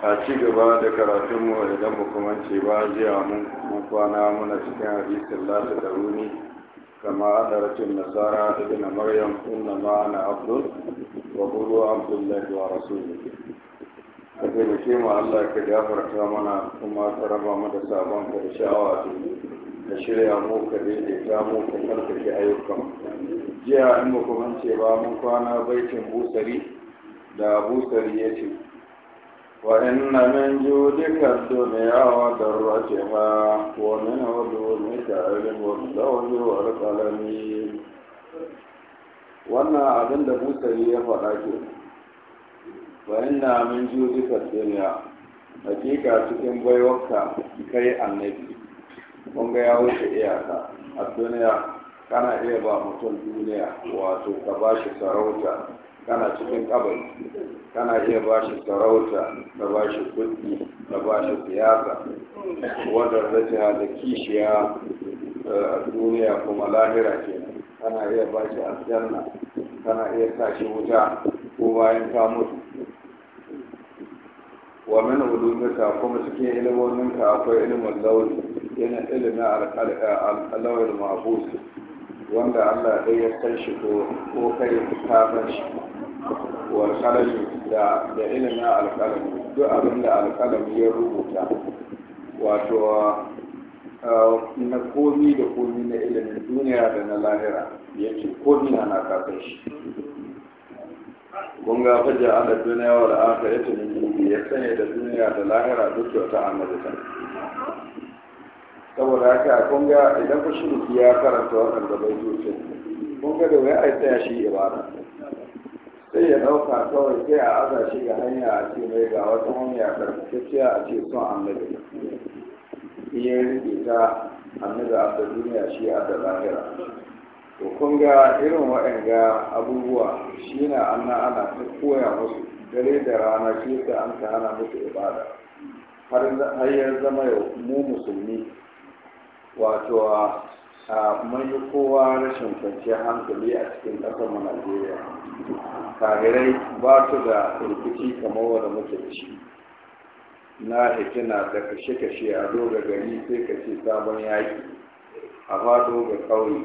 a ci gaba da karatunmu idan mu kuma ce ba jiya mun kwana muna cikin hadisin lati da runi kama adaratin nasara ibn maryam inna ma na abdul wa qulu abdullahi wa rasuluhu ka taimake mu Allah ka gafarta mana kuma ka raba mu da sabon ka da sha'awa ka shirya mu ka daidaita mu ka karkace ayyukan jiya in mu kuma ce ba mun kwana baitin busari da busari ya ce وإن من جودك الدنيا وذرتها ومن علومك علم اللوح والقلم wannan abin da musari ya faɗa ke bayan na min juji duniya hakika cikin baiwarka kai annabi kun ga ya wuce iyaka a duniya kana iya ba mutum duniya wato ka ba sarauta kana cikin kabari kana iya ba shi sarauta da ba shi kudi da ba shi siyasa wadda rajiha da kishiya eh, a duniya kuma lahira ke kana iya ba shi aljanna kana iya sa shi wuta ko bayan ka mutu wa min ulumika kuma cikin ka akwai ilimin lauri yana ilimin alƙalawar mabus wanda Allah ɗaya ya san shi ko kai ka san shi والقلم da da ilimin alƙalami duk abin da alƙalami ya rubuta wato na komi da komi na ilimin duniya da na lahira ya ce komi na na kafin shi kun ga fajar ala duniya wa al'aka ya tuni ya sanya da duniya da lahira duk kyauta a madadin saboda haka kun ga idan ku shirki ya karanta da bai zuciya kun ga da wani a tsaya shi ibada sai ya ɗauka kawai sai a aza shi ga hanya a ce mai ga wata hanya karkatacciya a ce son annabi iya rike ta annabi a ta duniya shi a da lahira to kun ga irin ga abubuwa shi na ana ana ta koya musu dare da rana shi ta an ta hana musu ibada har ya zama mu musulmi wato mun yi kowa rashin kwanciyar hankali a cikin ƙasar mu Najeriya kagirai ba su da rikici kamar wanda muke da shi na hikina da kashe-kashe a zo ga gari sai ka ce sabon yaƙi a fado ga ƙauye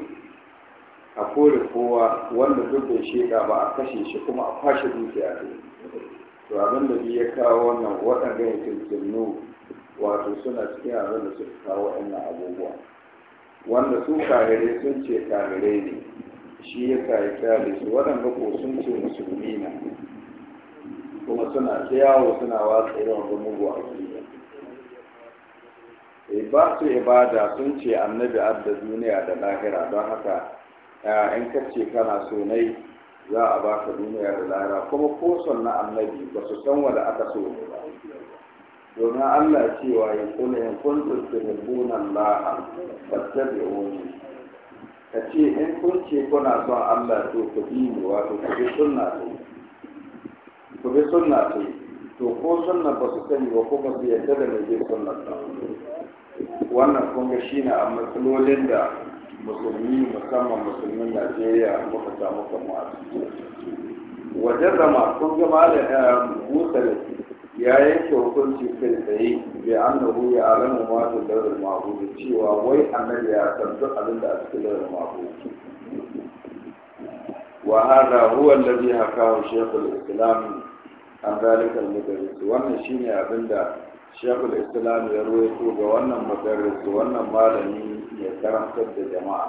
a kore kowa wanda duk bai sheka ba a kashe shi kuma a kwashe dukiya ne to abin da ya kawo wannan waɗanda ya tuntunnu wato suna cikin abin da suka kawo wannan abubuwa wanda su kare sun ce kafirai ne shi ya kayi kyale su waɗanda ko sun ce musulmi na kuma suna ta yawo suna watsa irin rumugu a duniya eh, ba su ibada sun ce annabi adda duniya da lahira don haka in ka ce kana sonai za a baka duniya da lahira kuma ko son na annabi ba su san wanda aka so ne ba domin Allah cewa ya kula in kuntum tuhibbuna da fattabi'uni ka ce in kun ce kuna son Allah to ku bi ni wato ku bi sunna to ku bi sunna to to ko sunna ba su sani yi wa kuma su yadda da mai sunna ta wannan kun ga ne a matsalolin da musulmi musamman musulmin Najeriya muka samu kamar wajen zama kun ga malam eh, musar ya yanke hukunci kai tsaye bai an da ya alamu ma da daular mahu cewa wai annabi ya san duk abin da a cikin daular mahu wa hada huwa alladhi hakahu shaykhul islam an zalika al-mudarris wannan shine da shaykhul islam ya ruwaito ga wannan mudarris wannan malami ya karantar da jama'a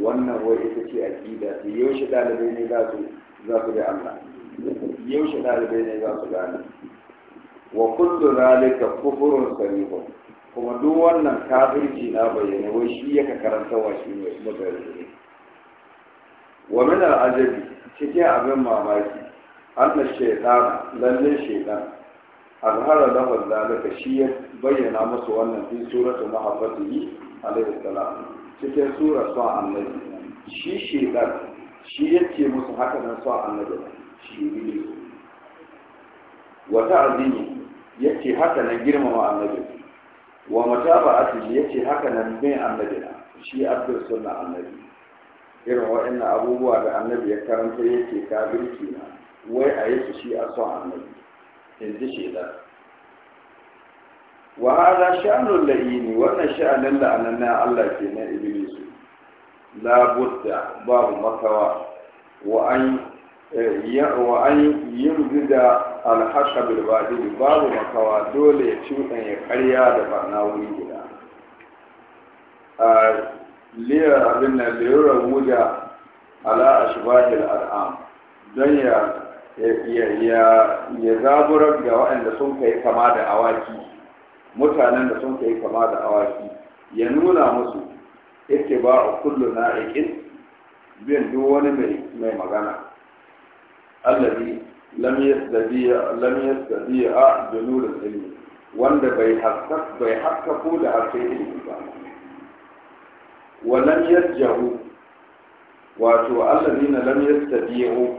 wannan wai ita ce aqida yaushe dalibai ne za su za su ga Allah yaushe ɗalibai ne za su gane wa kullu zalika kufurun sarihun kuma duk wannan kafirci na bayyana wai shi yaka karanta wa shi ne mutane wa min ajabi, cikin abin mamaki anna shaytan lalle shaytan azhara lahu zalika shi ya bayyana musu wannan fi suratul mahabbatihi alaihi salam cikin sura sa annabi shi shaytan shi yake musu haka nan so annabi shi ne wa ta'zimi yake haka nan girmama annabi wa mataba'ati yace haka nan bin annabi shi abdul sunna annabi irin waɗannan abubuwa da annabi ya karanta yake kafirci na wai a yake shi a son annabi in ji da wa hada sha'anul la'ini wannan sha'anin da annabi Allah ke na iblisu labudda babu makawa wa an yi an yumzida alhasha babu makawa dole ya cuɗan ya karya da barna wuri guda a liyar abin nan liyar wuda ala ashbahil al'am don ya ya zaburar da waɗanda sun kai kama da awaki mutanen da sun kai kama da awaki ya nuna musu yake ba a kullu na ikin bin duk wani mai magana allazi lam yastadiya lam yastadiya bi nur ilmi wanda bai hakkak bai hakkako da hakke ilmi ba wa lam yajjahu wato allazina lam yastadiyu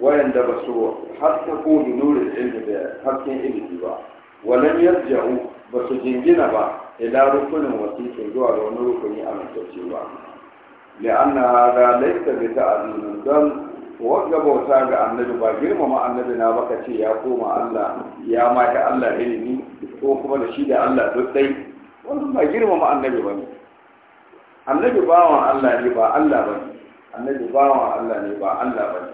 wayanda ba su hakkako da nur ilmi da hakken ilmi ba wa lam yajjahu ba su jingina ba ila rukunin wasiƙin zuwa da wani rukuni a mantaccewa li'anna hada laisa bi ta'zimin don wanda bauta ga annabi ba girmama annabi na baka ce ya koma Allah ya ma ta Allah ilimi ko kuma da shi da Allah duk dai wannan ba girmama annabi ne. annabi bawan Allah ne ba Allah ne. annabi bawan Allah ne ba Allah ne.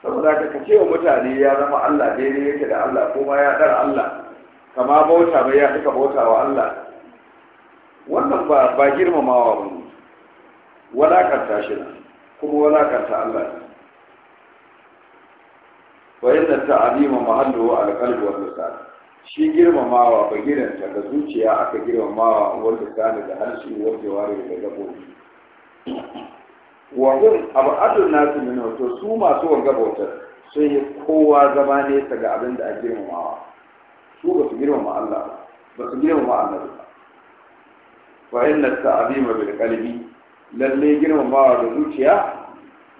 saboda ka ce wa mutane ya zama Allah daidai yake da Allah ko ma ya dar Allah kama bauta bai ya suka bauta wa Allah wannan ba ba girmamawa ba ne walakanta shi na kuma ta Allah ne wa yadda alima mahallu wa alqalb wa lisan shi girmamawa ba giranta da zuciya aka girmamawa wal lisan da harshe wal jawari da gabobi wa hum abadu nasu min to su masu wanga bautar sai kowa zama nesa ga abin da a girmamawa su ba su girmama Allah ba su girmama Allah ba wa inna ta'zima bil qalbi lalle girmamawa da zuciya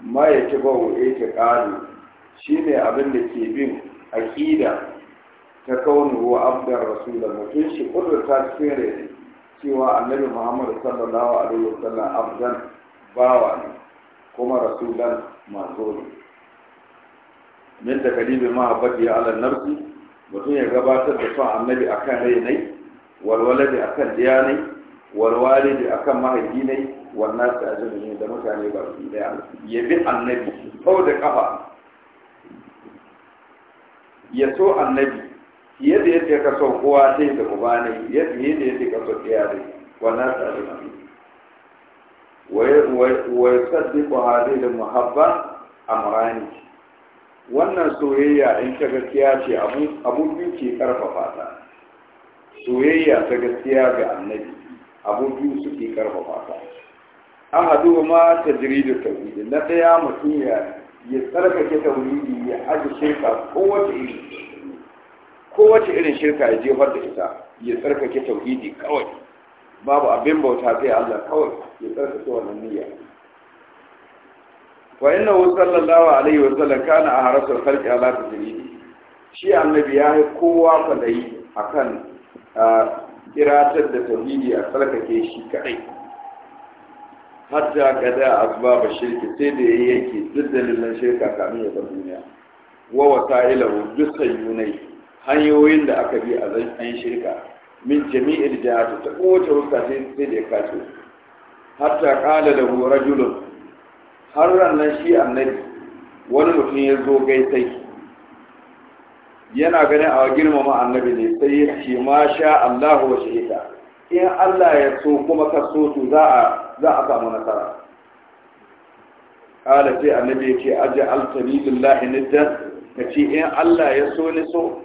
ma ya ci ba wa yake qalbi shine abin da ke bin aqida ta wa abdar rasulullah Mutun shi kudurta ta tsere cewa annabi muhammad sallallahu alaihi wasallam abdan bawa ne kuma rasulan mazuri ne min da kalibi mahabbati ala nafsi mutum ya gabatar da son annabi a kan rainai a kan diyanai walwalidi a mahaifi ne wannan su ajiyar da mutane ba su daya ya bi annabi sau da kafa ya so annabi fiye da yadda ka so kowa sai da uba ne ya fiye da yadda ka so ɗaya ne wannan su ajiyar wa sadi ko hadin da muhabba amrani wannan soyayya in ta gaskiya ce abun biyu ke karfafa ta soyayya ta gaskiya ga annabi abun biyu suke karfafa ta ahadu ma da tauhid na daya mutum ya ya tsarkake tauhidi ya aji shirka kowace iri kowace irin shirka ya jefar da ita ya tsarkake tauhidi kawai babu abin bauta zai Allah kawai ya tsarkake wannan niyya wa inna hu sallallahu alaihi wa sallam kana a harasul khalqi ala tajridi shi annabi ya yi kowa a akan kiratar da tauhidi a tsarkake shi kadai hatta kada asbaba shirki sai da ya yake duk dalilan shirka kamin ya bar duniya wa wasailahu duk sayyunai hanyoyin da aka bi a zan shirka min jami'il jihati ta kowace wuska sai da ya kace hatta qala lahu rajulun har rannan shi annabi wani mutum ya zo gaisai yana ganin a girmama annabi ne sai ya ce ma sha Allah wa shahida in Allah ya so kuma ka so to za a za a samu nasara kala sai annabi ya ce aje altani lillahi niddan ka ce in Allah ya so ni so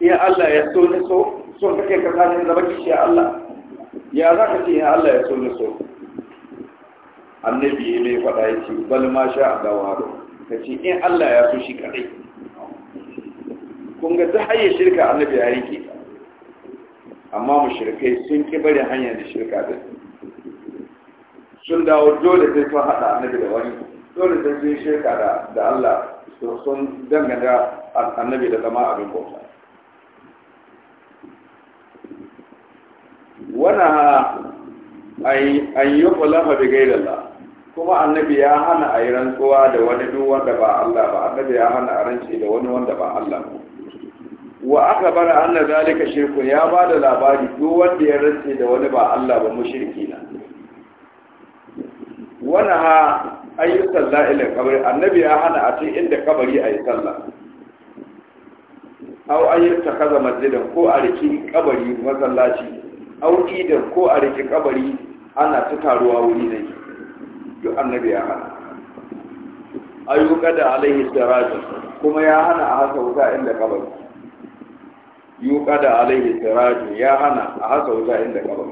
in Allah ya so ni so so kake ka kanin zama kishi Allah ya za ka ce in Allah ya so ni so annabi ya mai faɗa ya ce bal ma sha a gawa ka ce in Allah ya so shi kaɗai kun ga ta hanyar shirka annabi ya rike amma mu shirkai sun ki bari hanyar da shirka da sun dawo dole sai sun haɗa annabi da wani dole sai sun shirka da Allah sun dangana annabi da zama abin bauta wana an yi ƙwalafa da gairala kuma annabi ya hana a yi rantsuwa da wani duk wanda ba Allah ba annabi ya hana a rance da wani wanda ba Allah ba wa aka bar anna zalika shirku ya ba da labari duk wanda ya rance da wani ba Allah ba mushriki na wana ha ayi sallah ila kabari annabi ya hana a ce inda kabari ayi sallah aw ayi takaza masjidan ko a riki kabari masallaci aw idan ko a riki kabari ana ta taruwa wuri ne. duk annabi ya hana ayu kada alaihi sirajin kuma ya hana a haka wuta inda kabar yu kada alaihi sirajin ya hana a haka wuta inda kabar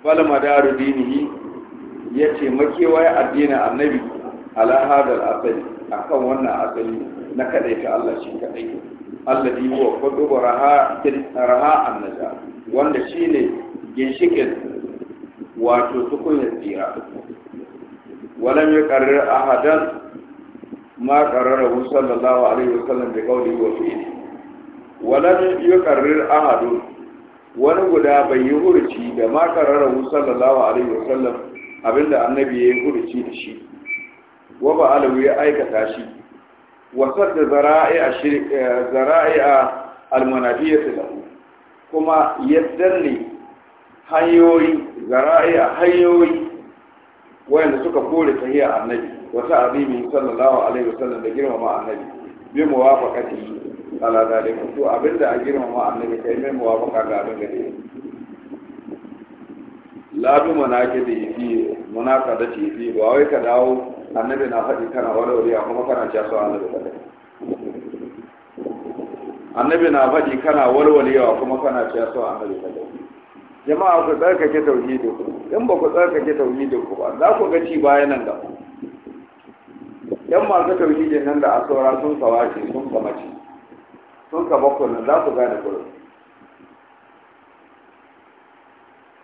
fal madaru dinihi yace makewaye addini annabi ala hadal asali akan wannan asali na kadai ta Allah shi kadai Allah dibo ko dubo raha raha annaja wanda shine ginshikin wato tukunyar tsira walam ya karrar ahadan ma karrara hu sallallahu alaihi wasallam da kauli wa fi'li walam ya karrar ahadun wani guda bai yi hurci da ma karrara hu sallallahu alaihi wasallam abinda annabi ya yi hurci da shi wa ba alawi ya aikata shi wasar da zara'i eh, a almanafiyyar lahu kuma ya danne hanyoyi a hanyoyi wayanda suka kore tahiya annabi wasu ta'zimi sallallahu alaihi wasallam da girmama annabi bi muwafaqati ala zalika to abinda a girmama annabi kai mai muwafaqa ga abin da yake la bi munaqidi da ci yi ba wai ka dawo annabi na faɗi kana a kuma kana ciya sai annabi kada annabi na faɗi kana walwalewa kuma kana ciya sai annabi kada jama'a ku tsarkake tauhidin in ba ku tsarkake tauhidin ku ba za ku ga ci baya nan da yan masu tauhidin nan da asora sun kawace sun kamace sun kama kullum za ku gane kullum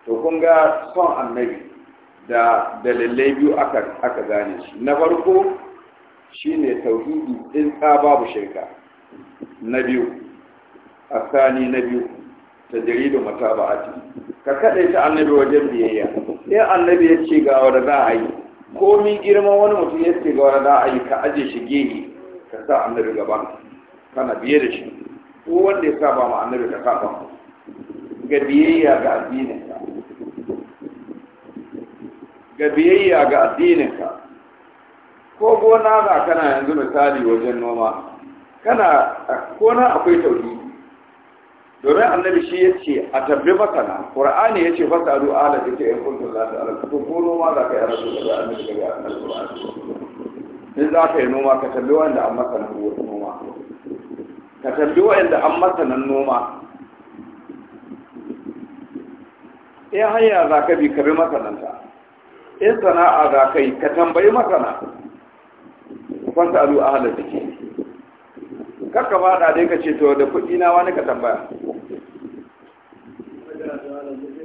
to kun ga son annabi da dalilai biyu aka gane shi na farko shine tauhidi in tsa babu shirka na biyu asani na biyu da jaridun mutaba'ati ka kaɗai ta annabi wajen biyayya in annabi ya ce ga wanda za a yi komi girman wani mutum ya ce ga wanda za a yi ka aje shi gehe ka sa annabi gaba kana biye da shi ko wanda ya saba ma annabi ka kafa ga biyayya ga addinin ka ga biyayya ga addinin ka ko gona za kana yanzu misali wajen noma kana na akwai tauhidi domin annabi shi ya ce a tabbi na ƙura'ani ya ce fasa a du'a da ke yin kuntun za ta alaƙa to ko noma za ka yi rasu da za a nufi daga alƙura'ani in za ka yi noma ka tabbi wanda an masanan noma ka tabbi wanda an masanan noma in hanya za ka bi ka bi masananta in sana'a za ka yi ka tambayi masana fasa a du'a da ke kakka ba da dai ka ce to da kuɗi na wani ka tambaya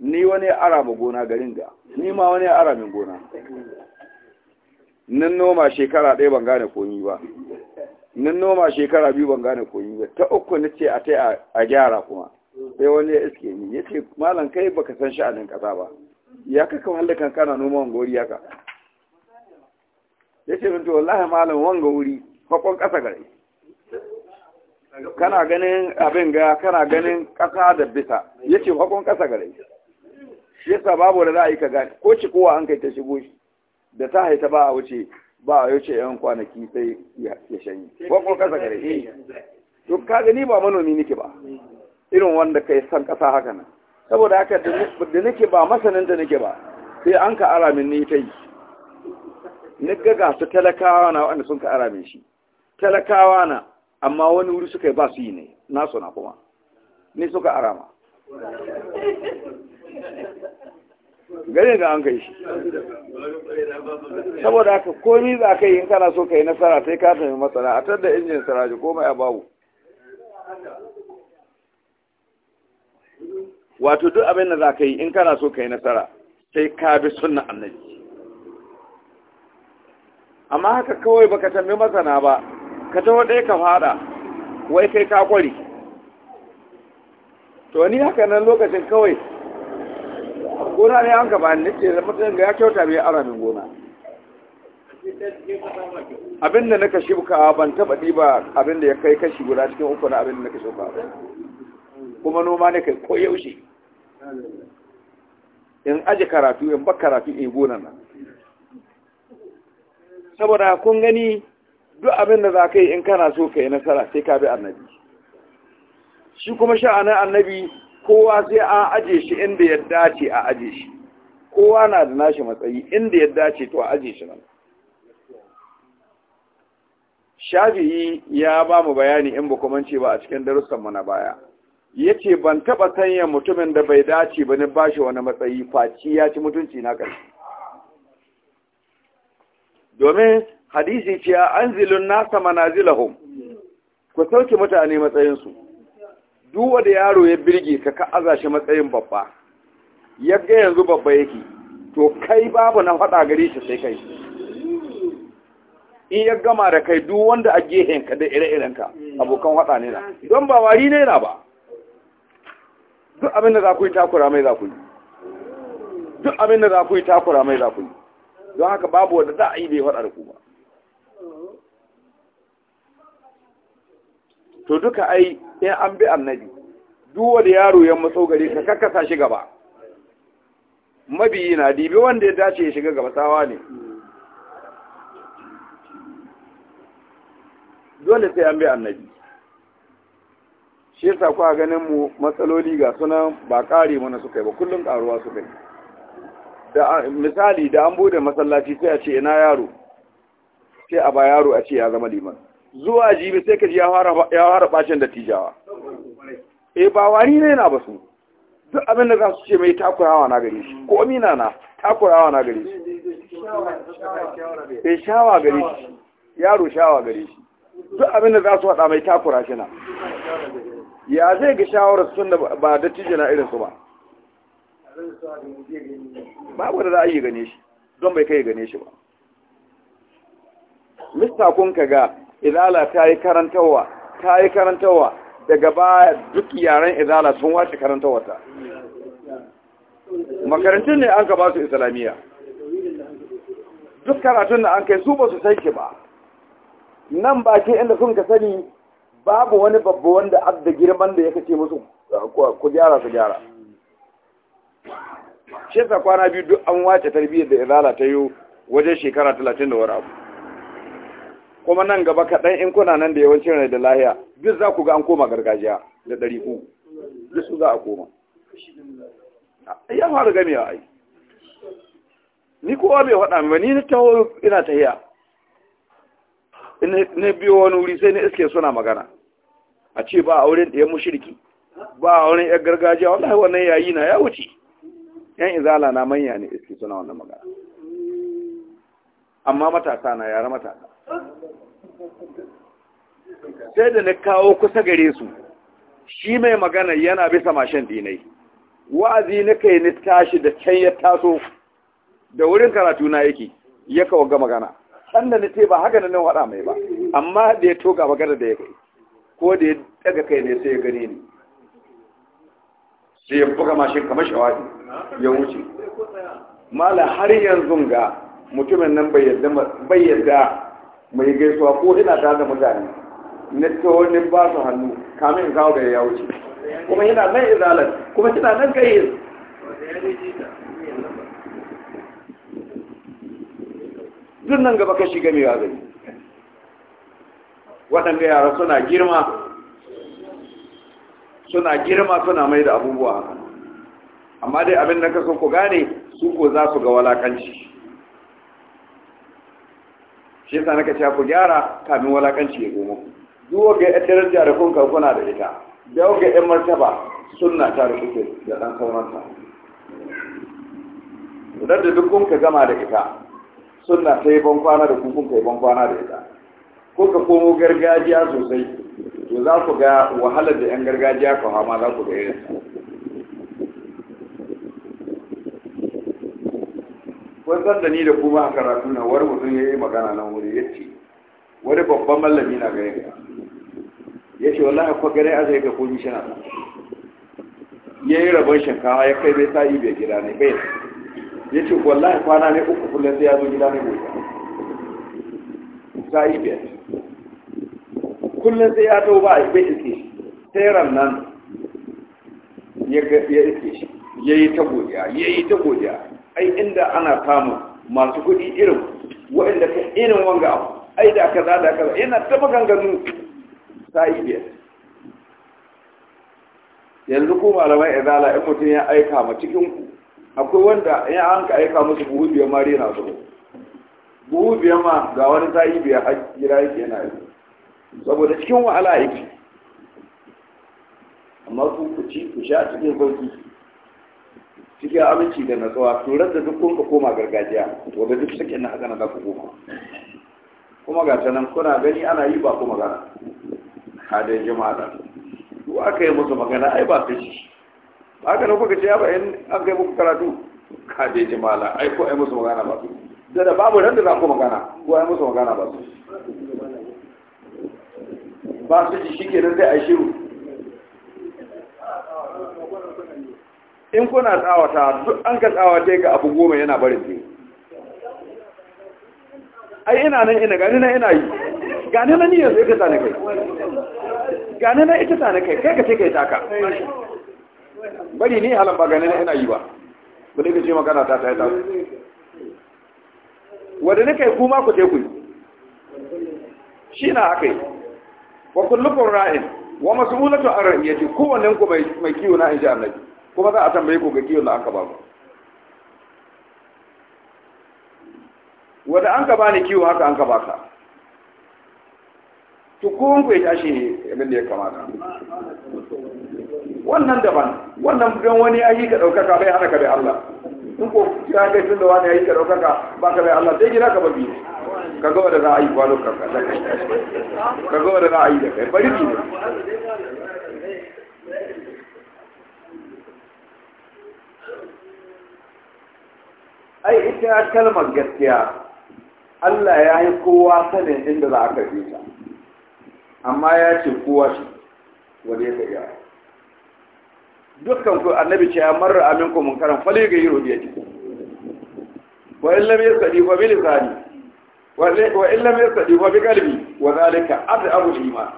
ni wani ara ma gona garin ga ni ma wani ara min gona nan noma shekara ɗaya ban gane koyi ba nan noma shekara biyu ban gane koyi ba ta uku na ce a tai a gyara kuma sai wani ya iske ni ya ce malam kai baka san sha'anin kasa ba ya kaka mallakan kana noman gori yaka ya ce to wallahi malam wanga wuri fakon ƙasa gare kana ganin abin ga kana ganin ƙasa da bisa ya ce fakon ƙasa gare shi yasa babu da za a yi ka gane ko ci kowa an kai ta shigo shi da ta haita ba a wuce ba a wuce yan kwanaki sai ya shanye ko kuma kasa gare shi to ka gani ba manomi nake ba irin wanda kai san kasa haka nan saboda haka da nake ba masanin da nake ba sai an ka ara min ni ta yi ni ga su talakawa na wanda sun ka ara min shi talakawa na amma wani wuri suka yi ba su yi ne nasu na kuma ni suka arama gare da an kai shi saboda haka komi za ka yi in kana so ka yi nasara sai ka tafi matsala a tattar da injin saraji komai a babu wato duk abin da za ka yi in kana so ka yi nasara sai ka bi sunna annabi amma haka kawai baka tambi masana ba ka tawo ɗaya ka fada wai kai ka kwari to ni haka nan lokacin kawai gona ne an gaba ni ce mutum ga ya kyauta mai aramin gona abin da na kashi buka ban taba ɗiba abin da ya kai kashi guda cikin uku na abin da na kashi buka kuma noma ne kai ko in aji karatu in ba karatu in gona nan saboda kun gani duk abin da za ka yi in kana so ka yi nasara sai ka bi annabi shi kuma sha'anin annabi kowa sai an aje shi inda ya dace a aje shi kowa na da nashi matsayi inda ya dace to a aje shi nan shafi'i ya ba mu bayani in bukumance ba a cikin darussan na baya ya ce ban taɓa sanya mutumin da bai dace ba ni ba shi wani matsayi faci ya ci mutunci na ƙarshe domin hadisi ce an zilun nasa manazilahum ku sauke mutane matsayinsu duwa da yaro ya birge ka ka aza shi matsayin babba ya ga yanzu babba yake to kai babu na faɗa gare shi sai kai in ya gama da kai duk wanda a ka da ire-irenka abokan faɗa ne na don ba wari ne na ba duk abin da za ku yi takura mai za ku yi duk abin da za ku yi takura mai za ku yi don haka babu wanda za a yi bai faɗa da ku ba to duka ai in an bi annabi duk wanda yaro ya matso gare ka kakkasa shi gaba mabiyi na dibi wanda ya dace ya shiga gaba tsawa ne dole sai an bi annabi shi yasa ku a ganin mu matsaloli ga sunan ba kare mana suka yi ba kullum karuwa suka yi da misali da an bude masallaci sai a ce ina yaro sai a ba yaro a ce ya zama liman zuwa jibi sai ka ji ya fara bacin da tijawa e eh, ba wani ne na ba su duk abin da za su ce mai takurawa na gari shi ko mina na takurawa na gari shi e shawa gari shi yaro shawa gari shi duk abin da za su haɗa mai takura shi na ya zai ga shawarar sun da ba da tije na irinsu ba babu da za a yi gane shi don bai kai gane shi ba mista kun ka ga izala ta yi karantarwa ta yi karantarwa daga baya duk yaren izala sun wace karantarwa ta makarantun ne an ka ba su islamiyya duk karatun da an kai su ba su san shi ba nan ba ke inda sun ka sani babu wani babba wanda adda girman da ya kace musu ku gyara su gyara shi kwana biyu duk an wace tarbiyyar da izala ta yi wajen shekara talatin da abu kuma nan gaba kaɗan in kuna nan da yawancin rai da lahiya duk za ku ga an koma gargajiya da ɗari ku duk su za a koma ya fara gami a ai ni kowa bai faɗa mai ni na taho ina hiya na biyo wani wuri sai na iske suna magana a ce ba a wurin ɗaya mushirki ba a wurin ɗaya gargajiya wallahi wannan yayi na ya wuce yan izala na manya ne iske suna wannan magana amma matasa na yara matasa sai da na kawo kusa gare su shi mai magana yana bisa mashin dinai wa'azi na kai ni tashi da can ya taso da wurin karatu na yake ya kawo ga magana can da ce ba haka na nan wada mai ba amma da ya toga magana da ya kai ko da ya daga kai ne sai ya gare ni sai ya buga mashin kamar shawari ya wuce mala har yanzu ga mutumin nan bai yadda mai gaisuwa ko ina tare da mutane to ne ba su hannu kamin in da ya wuce kuma yana nan izalar kuma kina nan kai duk nan gaba ka shiga mai wazari waɗanda yara suna girma suna girma suna mai da abubuwa amma dai abin da ka so ku gane su ko za su ga walakanci shi yasa naka cewa ku gyara kafin walakanci ya goma duk wanda ya daraja da kun kuna da ita da wanda ya martaba sunna ta da kuke da dan sauransa idan da duk kun ka gama da ita sunna ta yi bankwana da kun kun ka yi bankwana da ita ko ka komo gargajiya sosai to za ku ga wahalar da yan gargajiya ku hama za ku ga irin san da ni da kuma a karatu na wani mutum ya yi magana nan wuri ya ce wani babban mallami na gare ka ya ce wallahi kwa gare a zai ga komi shana ya yi rabon shinkawa ya kai bai sa'i bai gida ne bai ya ce wallahi kwana ne uku kullum sai ya zo gida ne gobe sa'i bai kullum sai ya zo ba bai iske shi sai ran nan ya iske shi ya yi ta godiya ya yi ta godiya ai inda ana samun masu kuɗi irin waɗanda ka irin wanga abu ai da kaza da kaza yana ta maganganu yi biyar yanzu ko malamai izala in mutum ya aika ma cikin ku akwai wanda ya an ka aika musu buhu biyar ma na su buhu biyar ma ga wani ta yi biyar a gida yake yana yi saboda cikin wahala yake amma ku ku ci ku sha cikin sauki cikin aminci da natsuwa turar da duk ka koma gargajiya to da duk sakin na haka na ku koma kuma ga ta kuna gani ana yi ba kuma gana hadin jama'a da to aka yi musu magana ai ba ta shi ba ka nan kuka ce ba in an kai muku karatu hadin jama'a ai ko ai musu magana ba su da babu ran da za ku magana ko ai musu magana ba su ba su ji shi kenan sai a shiru in kuna tsawata duk an ka tsawata ga abu goma yana barin ne ai ina nan ina gani na ina yi gani na ni sai ita tsane kai gani na ita tsane kai kai ka ce kai taka bari ni halan ba gani na ina yi ba ba dai ka ce magana ta ta yi ta wadda na kai kuma ku teku shi na haka yi wa kullukun ra'in wa masu mulatu an ra'iyyati kowannen ku mai kiwo na in ji annabi kuma za a san ku ga kiyon da an ka ba ku wanda an ka ba ni kiwo haka an ka ba ka to ko ku ya tashi ne abin da ya kamata wannan daban wannan don wani ayi ka ɗaukaka bai hana ka bai Allah in ko ya kai tun da wani ayi ka ɗaukaka ba ka bai Allah sai gida ka babi ka ga wanda za a yi kwano ka ka ga wanda za a yi da kai bari ne ai ita kalmar gaskiya Allah ya yi kowa sanin inda za a karbe ta amma ya ce kowa shi wani ya kai yawa dukkan ku annabi ce ya marar amin ku munkaran fali ga yi rubiya ce wa in lam yasadi wa bil lisani wa in lam yasadi wa bi qalbi wa zalika abu jima.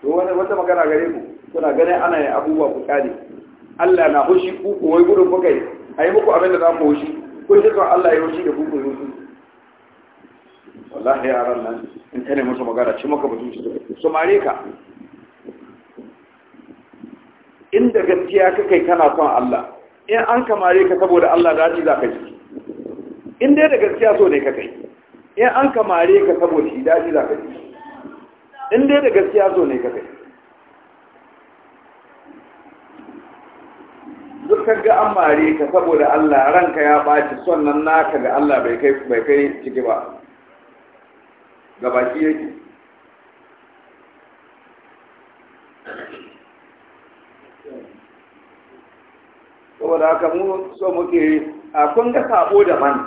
to wani wata magana gare ku kuna ganin ana yin abubuwa ku kare Allah na hushi ku ku wai gudun kuka yi a yi muku abin da za ku hushi kun shi kan Allah ya hushi da ku yi hushi wallahi yaran nan in kane musu magana ci maka mutum su mare ka inda gaskiya ka kai kana son Allah in an ka mare ka saboda Allah daji za ka in dai da gaskiya so ne ka kai in an ka mare ka saboda shi daji za ka in dai da gaskiya so ne ka kai ka an ka saboda Allah ranka ya ɓaci sannan naka ga Allah bai kai bai kai ciki ba ga baki yake saboda haka mu so muke a kun ga sabo da man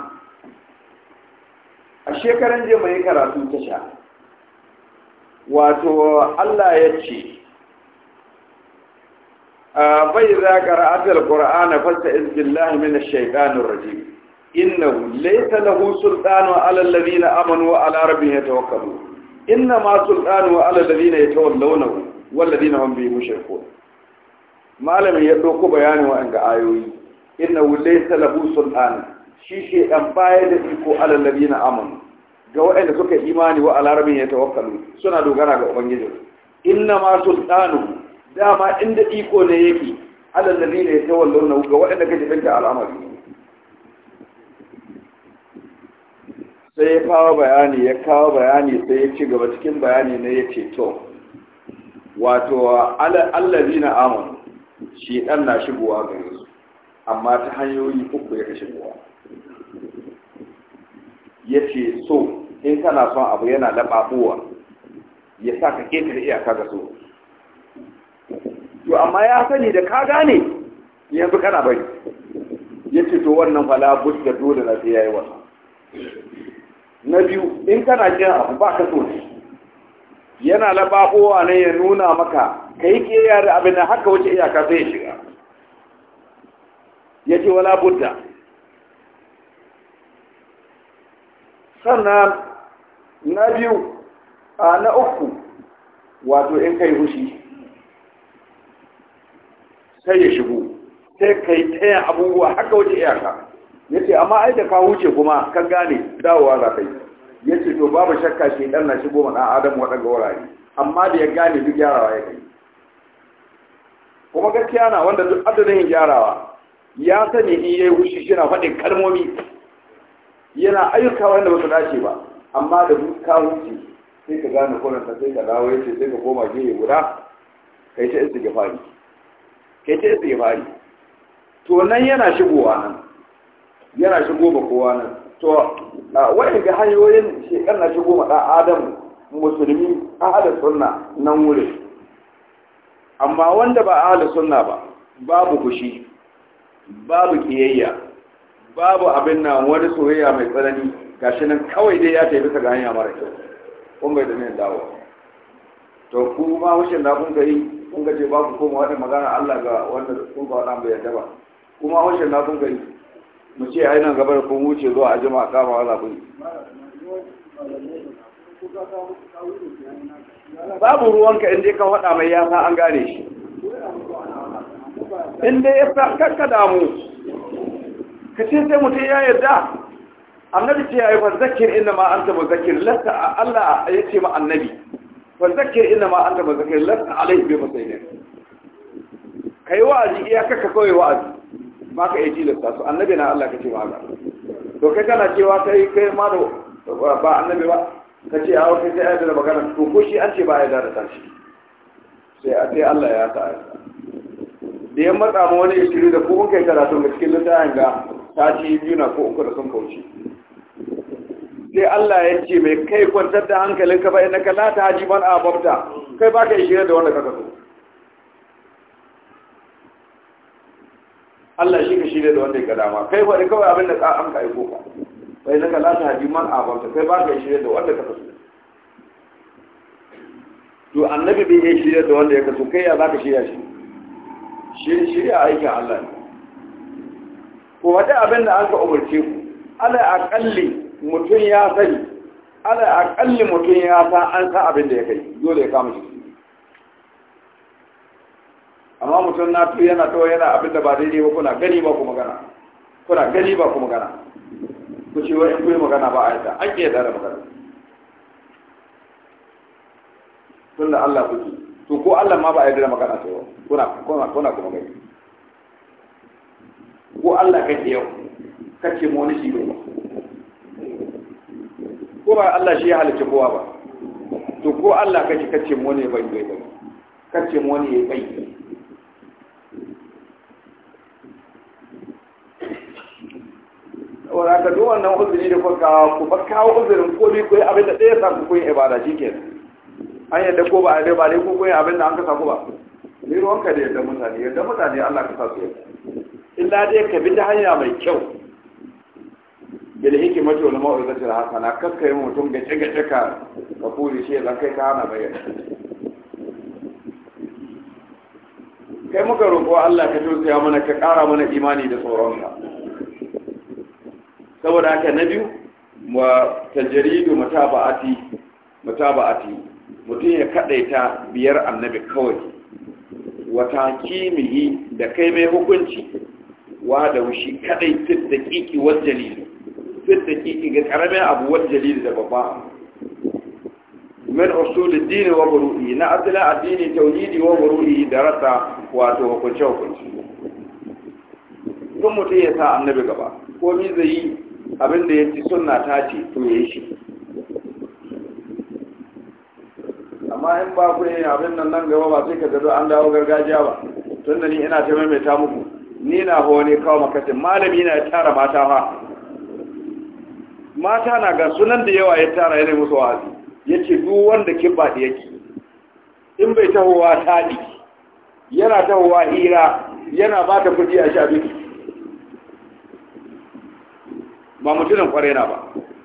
a shekaran je mai karatu ta sha wato Allah ya ce bai za qara'ata alqur'ana fasta'iz billahi minash shaitanir rajim innahu laita lahu sultanu 'ala na amanu wa 'ala rabbihim yatawakkalun inna ma sultanu 'ala alladhina yatawallawnahu walladhina hum bihi mushrikun malamin ya ɗauko bayanin ga ayoyi innahu laita lahu sultanu shi shi dan baya da iko 'ala na amanu ga waɗanda suka imani wa alarabin ya tawakkalu suna dogara ga ubangiji inna ma sultanu dama inda iko ne yake alal ladina yatawallawna ga waɗanda kake banta al'amari sai ya kawo bayani ya kawo bayani sai ya ci gaba cikin bayani ne ya to wato allazina amanu shi dan na shigowa gare su amma ta hanyoyi uku ya shigowa ya so in kana son abu yana laɓaɓowa ya sa ka da iyaka ga so to amma ya sani da ka gane yanzu kana bari yace to wannan fala da dole na sai yayi wasa na biyu in kana jin abu ba ka so yana labakowa ne ya nuna maka ka yi kiyaya da abin da haka wace iyaka sai ya shiga ya ce wala budda sannan na biyu a na uku wato in kai hushi sai ya shigo sai kai taya abubuwa haka waje iyaka yace ce amma ai da ka wuce kuma kan gane dawowa za ka yi ya ce to babu shakka shi dan na shigo mana adam waɗanda wurare amma da ya gane duk gyarawa ya kai kuma gaskiya na wanda duk adadin gyarawa ya sani in yayi wushi shi na faɗin kalmomi yana ayyuka wanda ba su dace ba amma da duk ka wuce sai ka gane kuranta sai ka dawo ya ce sai ka koma ya guda kai ta istighfari kai ta fari to nan yana shigowa nan yana shigo ba kowa nan to wani ga hanyoyin shekar na shigo ma ɗan adam musulmi hada sunna nan wurin amma wanda ba hada sunna ba babu kushi babu kiyayya babu abin nan wani soyayya mai tsanani gashi nan kawai dai ya tafi bisa ga hanya mara kyau kun bai da ne dawo to kuma wucin da kun gari kun ga ce babu koma wata magana Allah ga wanda kun ba wadanda bai yarda ba kuma haushin na kun gani mu ce ai nan gaba da kun wuce zuwa a jama'a kama wala kun babu ruwanka in ka faɗa mai yasa an gane shi inda ya sa kakka damu ka ce sai mutum ya yarda annabi ce ya yi fa zakir inda ma an taɓa zakir lasta Allah ya ce ma annabi fa zakir inna ma anta muzakkir bai alaihi bi Ka yi wa'azi iya kaka kawai wa'azi ba ka iya tilasta su annabi na Allah ka ce ba to kai kana cewa kai kai ma da ba annabi ba ka ce a kai sai ayyada da magana to ko shi an ce ba ayyada da tashi sai a sai Allah ya ta da ya matsa ma wani ya shiru da kuma kai karatun da cikin littafin ga ta ci biyu na ko uku da sun kauce sai Allah ya ce mai kai kwantar da hankalinka ba inaka ka ta haji man ababta kai ba ka shirya da wanda ka kasu. Allah shi ka shirya da wanda ya dama kai faɗi kawai abin da an ka aiko ka bai na la ta haji man ababta kai ba ka shirya da wanda ka kasu. to annabi bai iya shirya da wanda ya kaso kai ya za ka shirya shi shirya aikin Allah ne ko wata abin da an ka umarce ku a akalli mutum ya sani ala akalli mutum ya san an san abin da ya kai dole ya kama shi amma mutum na tu yana to yana abin da ba daidai ba kuna gani ba ku magana kuna gani ba ku magana ku ce wa in ku magana ba a yadda an ke da magana tun da Allah kuke to ko Allah ma ba a da magana ta yau kuna kuna kuna kuma gani ko Allah kake yau kake mu wani shi ne ko ba Allah shi ya halicci kowa ba to ko Allah kake kace mu ne bai bai bai kace mu ne bai wala ka duk wannan uzuri da kuka ku ba kawo uzurin ko bi ko abin da ɗaya sa ku koyi ibada shikenan an yadda ko ba a dai ba dai ko koyi abin da an kasa ku ba ni ruwanka da yadda mutane yadda mutane Allah ka sa su yadda illa dai ka bi ta hanya mai kyau bil hikimati wal mau'izatil hasana kakkai mutum ga cika cika ka kuri shi zan kai ka hana bayyana kai muka roƙo Allah ka tausaya mana ka ƙara mana imani da tsoronka saboda haka na biyu wa tajridu mutaba'ati mutaba'ati mutum ya ta biyar annabi kawai wa takimihi da kai mai hukunci wa da wushi kadai da wal jalil fit daƙiƙi ga ƙaramin abu wani jalili da babba abu min usul dini wa buru'i na asila addini tauhidi wa buru'i da rasa wato hukunce hukunci kun mutum ya sa annabi gaba ko mi zai yi abin da ya ci sunna ta ce to ya shi amma in ba ku yin abin nan nan gaba ba sai ka zaro an dawo gargajiya ba tunda ni ina ta maimaita muku ni na hawa ne kawo makasin malami na ya tara mata fa mata na ga sunan da yawa ya tara yana musu wa'azi ce duk wanda kibba da yake in bai tahowa taɗi yana tahowa hira yana ba ta kuɗi a sha ba mutumin kwarai na ba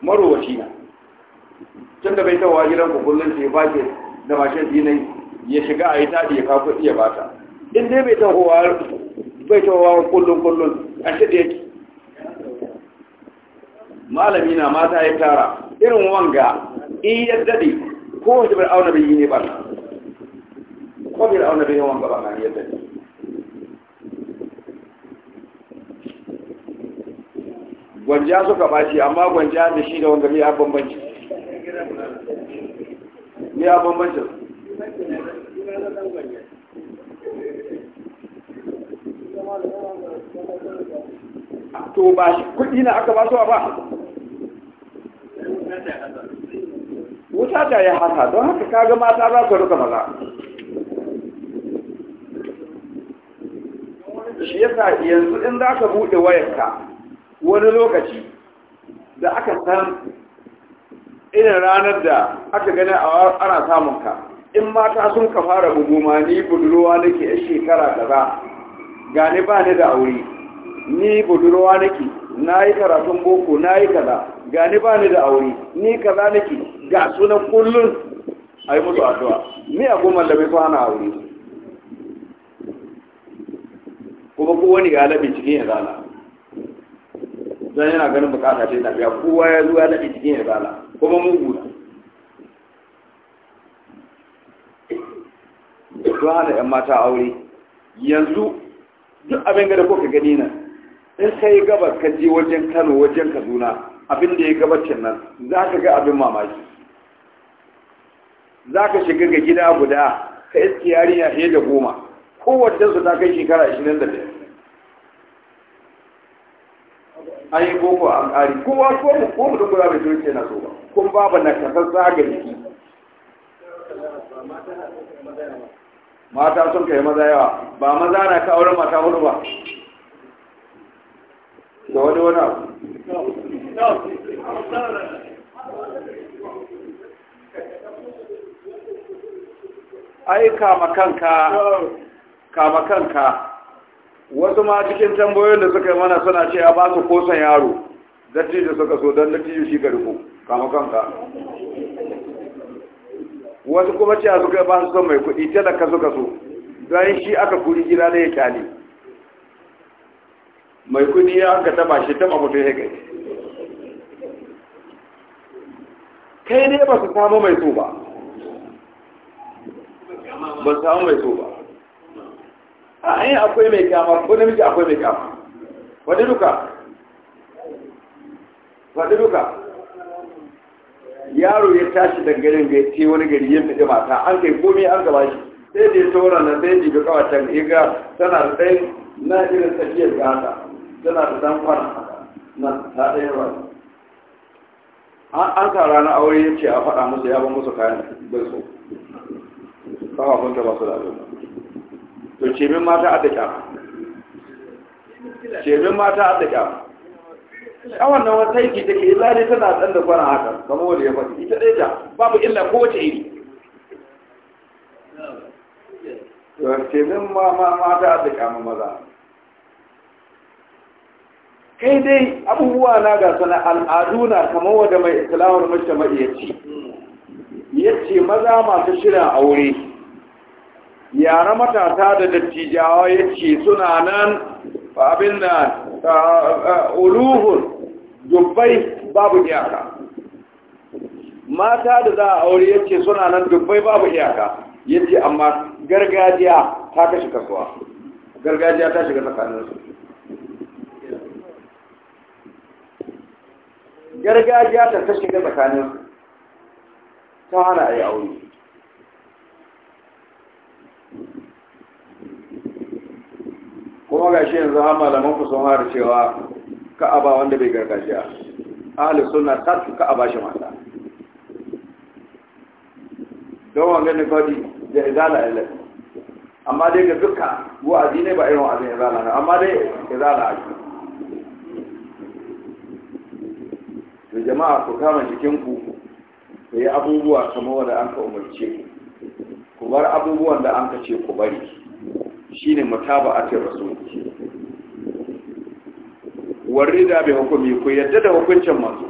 marowaci na can da bai tahowa gidan ku kullum sai ba ke da mashin dinai ya shiga a yi taɗi ya kawo kuɗi ya bata in dai bai tahowa bai kullum kullum a shi da yake malami na mata ya tara irin wanga in ya dade ko wace bar auna bai yi ne ba ko bai auna bai wanga ba na ya dade gwanja suka bashi amma gwanja da shi da wanga mai abin banci mai abin banci to ba shi kudi na aka ba su ba wuta da ya haka don haka kaga mata za su rika maza shi yasa yanzu in za ka buɗe wayarka wani lokaci da aka san irin ranar da aka gani ana samun ka in mata sun ka fara buguma ni budurwa nake a shekara kaza gani ba ni da aure ni budurwa nake na yi karatun boko na yi kaza gani ba ni da aure ni kaza nake ga sunan kullum a yi musu addu'a ni a goma da mai hana aure kuma kowane labi cikin ya zala don yana ganin bukata ce na biya kowa ya zuwa labi cikin ya zala kuma mugu na don hana 'yan mata aure yanzu duk abin gada ko ka gani nan in sai gabar ka je wajen kano wajen kaduna abin da ya gabacin nan za ka ga abin mamaki za ka shiga ga gida guda ka iske a fiye da goma ko su ta kai shekara ashirin da biyar an yi boko a ƙari kowa ko mu ko mu duk guda bai turke na so ba kun babu na kasar ga jiki mata sun kai maza yawa ba maza na ka auren mata hudu ba da wani wani abu ai kama kanka kama kanka wasu ma cikin tambayoyin da suka yi mana suna ce a ba su kosan yaro datti da suka so don datti shi garko kama kanka wasu kuma ce a suka yi ba su son mai da ka suka so don shi aka kuri gina da ya kyale mai kuɗi ya aka taba shi taba mutum ya kai kai ne ba su samu mai so ba ba samu mai so ba a an akwai mai kyama ko namiji akwai mai kyama wadda duka wadda duka yaro ya tashi dangane ga ce wani gari ya fiɗi mata an kai komi an gaba shi sai da ya tora na sai jibi can iga tana da ɗaya na irin tsakiyar da haka tana da ɗan kwana na ta ɗaya ba an ka rana aure ya ce a faɗa musu ya ban musu kayan bai so kawafin ta ba su da abin to cemin mata a da kyama cemin mata a da kyama kawan nan wata yake take illa ne tana dan da kwana haka kamar wanda ya faɗi ita ɗaya ta babu illa ko wace iri cemin mata a da kyama maza kai dai abubuwa na ga sana al'adu na kamar wanda mai islamar mace mai ya ce maza masu shirin aure yara matata da dattijawa ya ce suna nan abin da uluhun dubbai babu iyaka mata da za a aure ya ce suna nan dubbai babu iyaka ya ce amma gargajiya ta kashi kasuwa gargajiya ta shiga tsakaninsu gargajiya ta kashi ga tsakaninsu ta hana a yi aure kuma ga shi yanzu har malaman ku sun hada cewa ka'aba wanda bai gargajiya ahalin suna sarfi ka'aba shi mata don wanga ne kodi da izala ila amma dai ga duka wa'azi ne ba irin wa'azin izala ne amma dai izala a shi da jama'a ku kama jikinku da yi abubuwa kamar wanda an ka umarce ku bar abubuwan da an ka ce ku bari Shi ne shine mutaba'atir rasul warida bi hukumi ku yadda da hukuncin manzo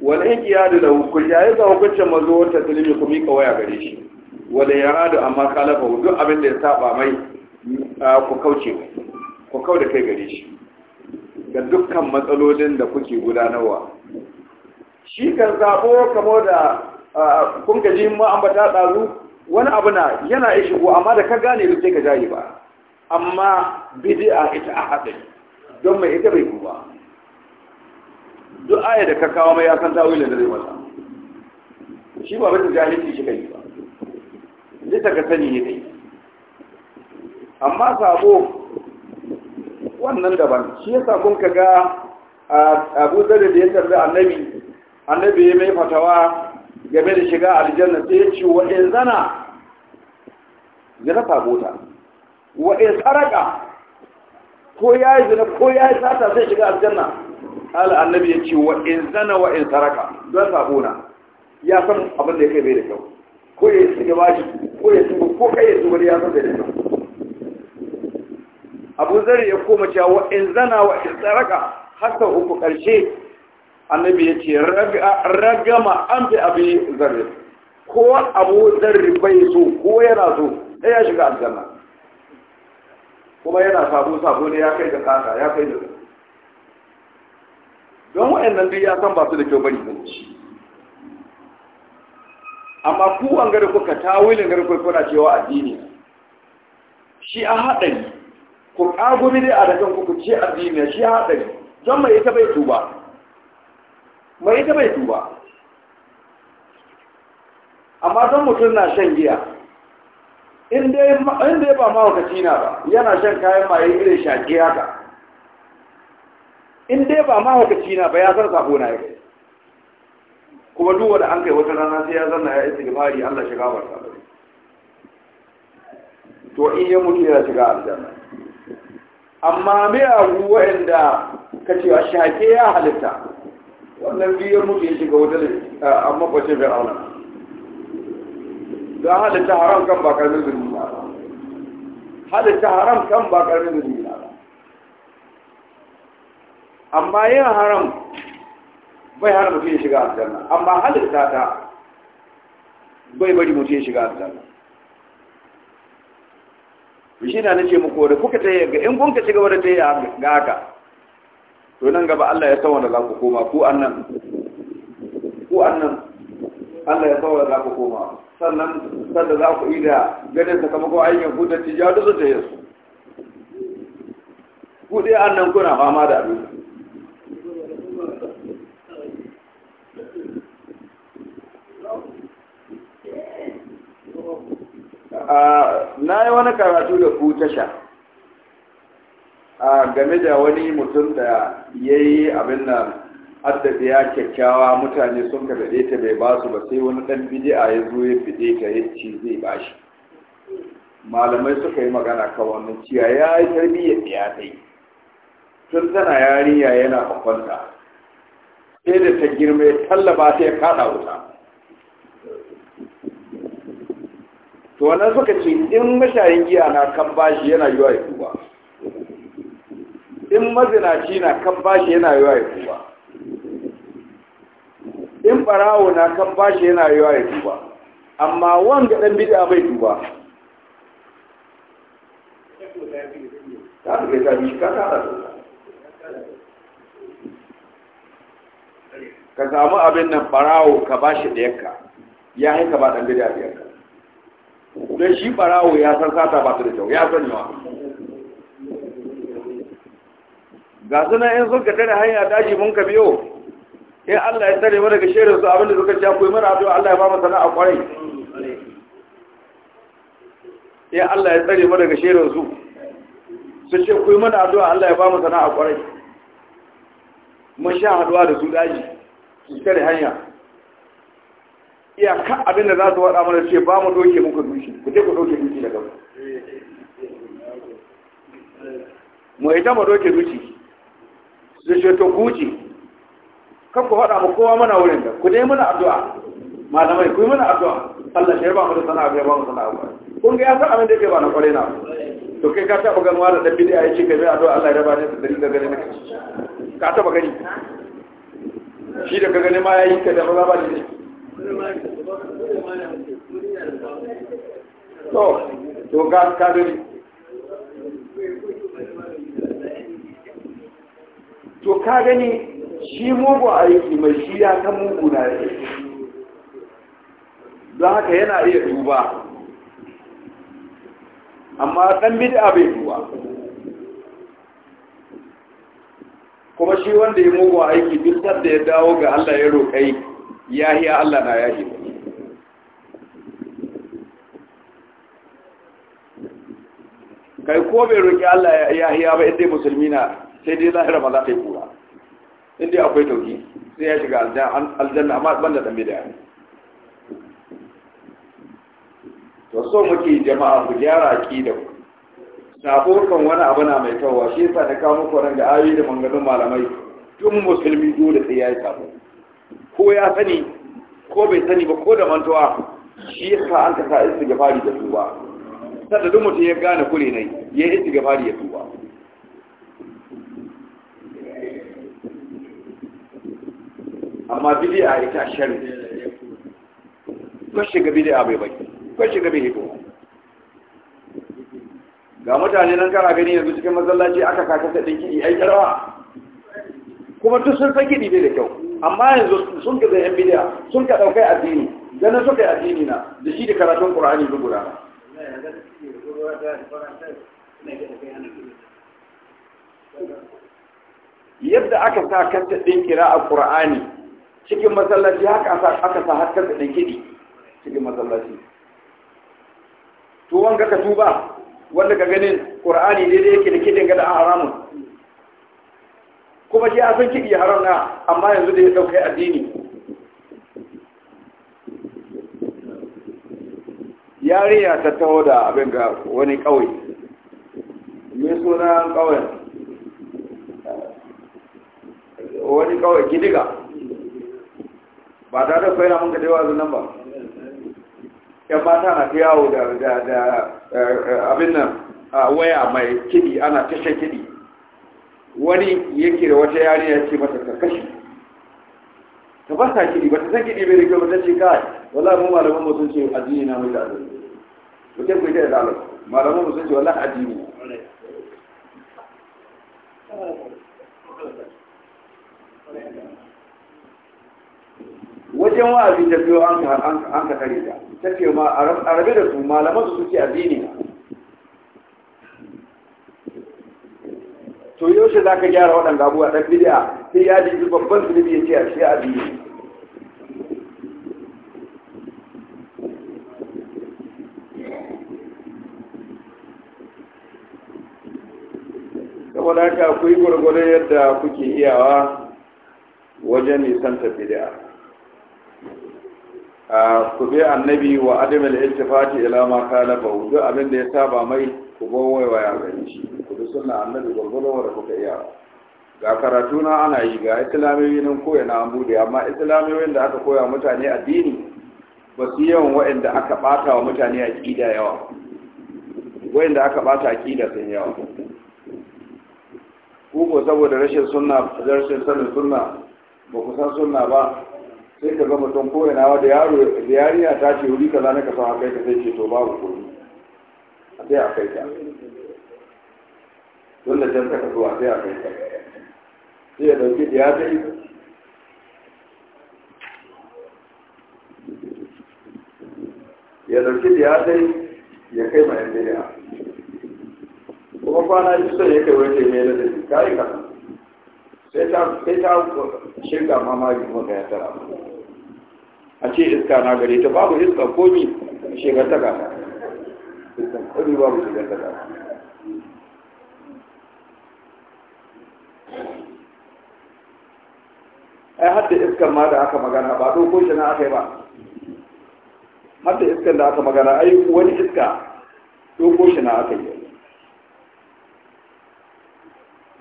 wala inqiyadu da hukumi yayi da hukuncin manzo wata dalili ku mika waya gare shi ya yaradu amma kalafa duk abin da ya saba mai ku kauce mai ku kau da kai gare shi ga dukkan matsalolin da kuke gudanarwa shi kan zabo kamar da kun gaji mu ta dazu wani abu na yana ya shigo amma da ka gane ba ka jaye ba amma bid'a ita a haɗari don mai ita bai kuma duk aya da ka kawo mai ya san tawilin da zai masa shi ba bisa jahilci shi kai ba bisa ka sani ne kai amma sabo wannan daban shi sa kun ka ga abu zare da ya tarbi annabi annabi ya mai fatawa game da shiga aljanna sai ya ce wa in zana zina fagota wa in saraka ko ya yi zina ko ya yi sata sai shiga aljanna ala annabi ya ce wa in zana wa in saraka don sabona ya san abin da ya kai bai da kyau ko ya yi shiga bashi ko ya tuba ko kai ya tuba ya san bai da kyau abu zari ya koma cewa wa in zana wa in saraka har uku ƙarshe annabi ya ce ragama an fi abin zarri ko abu zarri bai so ko yana so sai ya shiga aljanna kuma yana sabo sabo ne ya kai da kasa ya kai da don wayannan duk ya san ba su da kyau bari ne amma ku an gare kuka tawilin gari kuka kuna cewa addini shi a haɗari ku ƙagumi ne a daga kuku ku ce addini shi a haɗari don mai ita bai tuba mai ita bai tuba amma don mutum na shan giya in dai ba mahaukaci na ba yana shan kayan maye irin shaƙi haka in dai ba mahaukaci na ba ya san sabo na yake kuma duwa da an kai wata rana sai ya zanna ya istighfari Allah shiga barka to in yi mutu ya shiga aljanna amma me a ruwa inda kace shaƙe ya halitta wannan biyar mutu ya shiga wata a mafashe bai auna don halitta haram kan ba karnin zuri na ba halitta haram kan ba karnin zuri na ba amma yin haram bai haram mutu ya shiga aljanna amma halitta ta bai bari mutu ya shiga aljanna shi na nace muku da kuka ta yi ga in kun ka ci wani ta yi ga haka to nan gaba Allah ya san za ku koma ku annan ku annan Allah ya san za ku koma sannan sanda za ku yi da ganin sakamakon ko ku da tijja duk su ta yi ku dai annan kuna fama da abin ah, na yi wani karatu da ku tasha game da wani mutum da ya yi abin nan addabi ya kyakkyawa mutane sun ka daɗe ta bai basu ba sai wani ɗan bidi'a ya zo ya fide ta ya ci zai bashi malamai suka yi magana kan wannan ciya ya yi tarbiyyar ya dai tun tana yarinya yana kwakwanta sai da ta girma ya tallaba ta ya kaɗa wuta to wannan suka ce in mashayin giya na kan bashi yana yiwa ya tuba in mazinaci na kan bashi yana yiwa ya tuba in barawo na kan bashi yana yiwa ya tuba amma wanda dan bid'a bai tuba ta ke ta bi ka ta ka samu abin nan barawo ka bashi da yakka ya haika ba dan bid'a yanka. don shi barawo ya san sata ba su da kyau ya san yawa ga suna in sun ka tare hanya daji mun ka biyo in Allah ya tare mana ga shirin su abinda suka ci akwai mana addu'a Allah ya ba mu sana'a kwarai in Allah ya tare mana ga shirin su su ce kuyi mana addu'a Allah ya ba mu sana'a kwarai mun sha haduwa da su daji su tare hanya iyaka abinda za su waɗa mana ce ba mu doke muka dushi ku je ku doke dushi daga mu mu ita mu doke dushi su ce to kuci kan ku faɗa mu kowa muna wurin da ku dai muna addu'a malamai ku yi muna addu'a Allah shi ya ba mu da sana'a ya ba mu sana'a ba kun ga ya san abin da ke ba na kwarai na to kai ka taɓa ganuwa da ɗan bidiya ya ce ka zai addu'a Allah ya raba ne da dari ga gani na ka taɓa gani shi da ka gani ma ya yi ka da maza ba ne to to ka ka gani to ka gani shi mugu a aiki mai shi ya kan mugu na yake don haka yana iya duba amma ɗan bid'a bai duba kuma shi wanda ya mugu a aiki duk da ya dawo ga Allah ya roƙai ya hiya Allah na ya yi. kai ko bai roƙi Allah ya hiya ba inda musulmi na sai dai lahira ba za ka yi kura in dai akwai tauki sai ya shiga aljanna amma banda da bid'a to so muke jama'a ku gyara ki da ku sabo kan wani abu na mai kyau shi yasa da kawo muku da ayoyi da manganun malamai tun musulmi dole sai ya yi sabo ko ya sani ko bai sani ba ko da mantuwa shi yasa an ta sa istighfari da tuba sai da duk mutum ya gane kure ne ya istighfari ya tuba amma bidiya ita sharri kwashe ga bidiya bai bai kwashe ga bai hito ga mutane nan kana gani yanzu cikin mazallaci aka kaka ta dinki ai karawa kuma duk sun san gidi bai da kyau amma yanzu sun ka zai yan bidiya sun ka daukai addini ganin suka yi addini na da shi da karatun qur'ani duk gudana yadda aka sa kanta din kira a qur'ani cikin masallaci haka aka sa har da ɗan kiɗi cikin masallaci Tuwon ga ka ba wanda ka ganin ne daidai yake da kiɗin ga da an haramun kuma shi a san kiɗi haram na amma yanzu da ya ɗauka addini yariya ta taho da abin ga wani ƙauye mai suna ƙauyen wani ƙauye gidiga ba ta da kwaina mun ka da yawa nan ba yan mata na ta yawo da eh, eh, abin nan a waya mai kiɗi ana tashe kiɗi wani yake da wata yari ya ce mata ka kashi ta ba ta kiɗi ba ta san kiɗi bai da kyau ta ce kai wallahi mu malaman mu sun ce addini na mai da addini mutum ku ita da alam malaman mu sun ce wallahi addini wajen wa'azi da biyo an an ka tare ta ta ce ma a rabe da su malaman su suke addini to yaushe za ka gyara waɗanda abuwa ɗan bidiya sai ya jiji babban zunubi ya ce a shi addini saboda haka ku yi gwargwaron yadda kuke iyawa wajen nisan tafiya ku bi annabi wa adam al-iltifati ila ma kana fa duk abin da ya saba mai ku bawai wa ya gani ku bi sunna annabi gurgurun da kuka iya ga karatu na ana yi ga islamiyoyi nan koya na bude amma islamiyoyin da aka koya mutane addini ba su yawan wa'inda aka bata wa mutane aqida yawa waɗanda aka bata aqida sun yawa ko saboda rashin sunna rashin sanin sunna ba ku san sunna ba sai ka ga mutum ko ina wa da yaro da yarinya ta ce wuri kaza na ka san akai ka sai ce to babu kuɗi a sai akai ta dole can ka zo a sai akai ta sai ya dauki da ya dai ya dauki da ya dai ya kai ma yan ya kuma kwana biyu sai ya kai ne na da dai kai ka sai ta sai ta shirka mamaki kuma ka ya tara a ce iska na gare ta babu iska ko komi shigar ta gasa iskan komi babu shigar ta gasa ai hadda iskan ma da aka magana ba ko shi na aka yi ba hadda iskan da aka magana ai wani iska ko shi na aka yi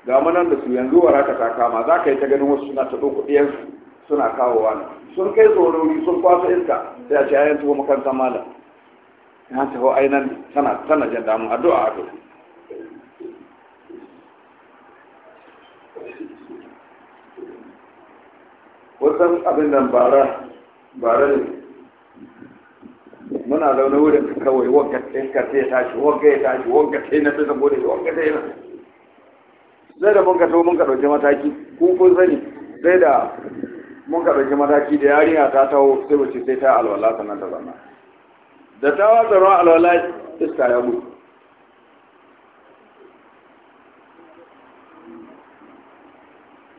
ga manan da su yanzu waraka ta kama za ka yi ta ganin wasu suna ta ɗauko ɗiyansu suna kawo wani sun kai tsoroni sun kwaso iska sai a ce ayan tuwo makarantar malam ya hau ainihin tana tana jan damu addu'a addu'a wasan abin nan bara bara ne muna zaune wurin kawai wanka iska sai tashi wanka ya tashi wanka sai na fi zango da shi wanka sai na Zai da mun ka to mun ka ɗauki mataki kun kun sani sai da mun ka ɗauki mataki da yarinya ta taho sai wace sai ta alwala sannan ta zanna da ta watsa ruwan alwala iska ya gudu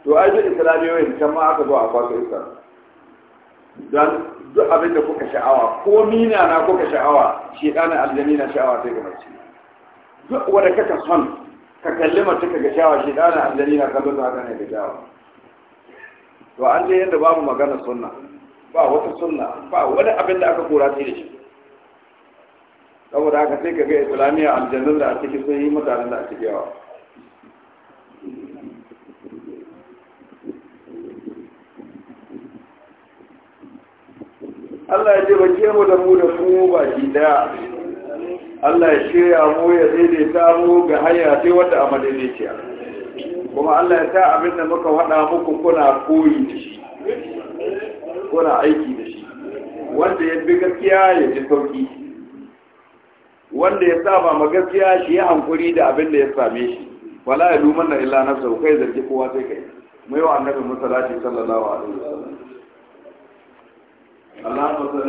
to ai duk islamiyoyin can ma aka zo a kwaso iska don duk abin da kuka sha'awa ko mina na kuka sha'awa shi ɗanin aljani na sha'awa sai ga ci duk wanda kaka son ka kalli mace ka ga sha'awa shi ɗanin aljani na kallon haka ne ga sha'awa to an je yadda babu magana sunna ba wata sunna ba wani abin da aka kora da shi saboda haka sai ka ga islamiyya aljannun da a ciki sun yi mutanen da a ciki yawa Allah ya ce ba ke mu da mu da mu ba shi daya Allah ya shirya mu ya daidaita mu ga hanya sai wanda a madaidaiciya kuma Allah ya sa abin da muka faɗa muku kuna koyi da shi kuna aiki da shi wanda ya bi gaskiya ya ji sauki wanda ya saba ma gaskiya shi ya hankuri da abin da ya same shi wala ya luman na illa nafsa ko kai zargi kowa sai kai mu wa annabi musallaci sallallahu alaihi wasallam Allahumma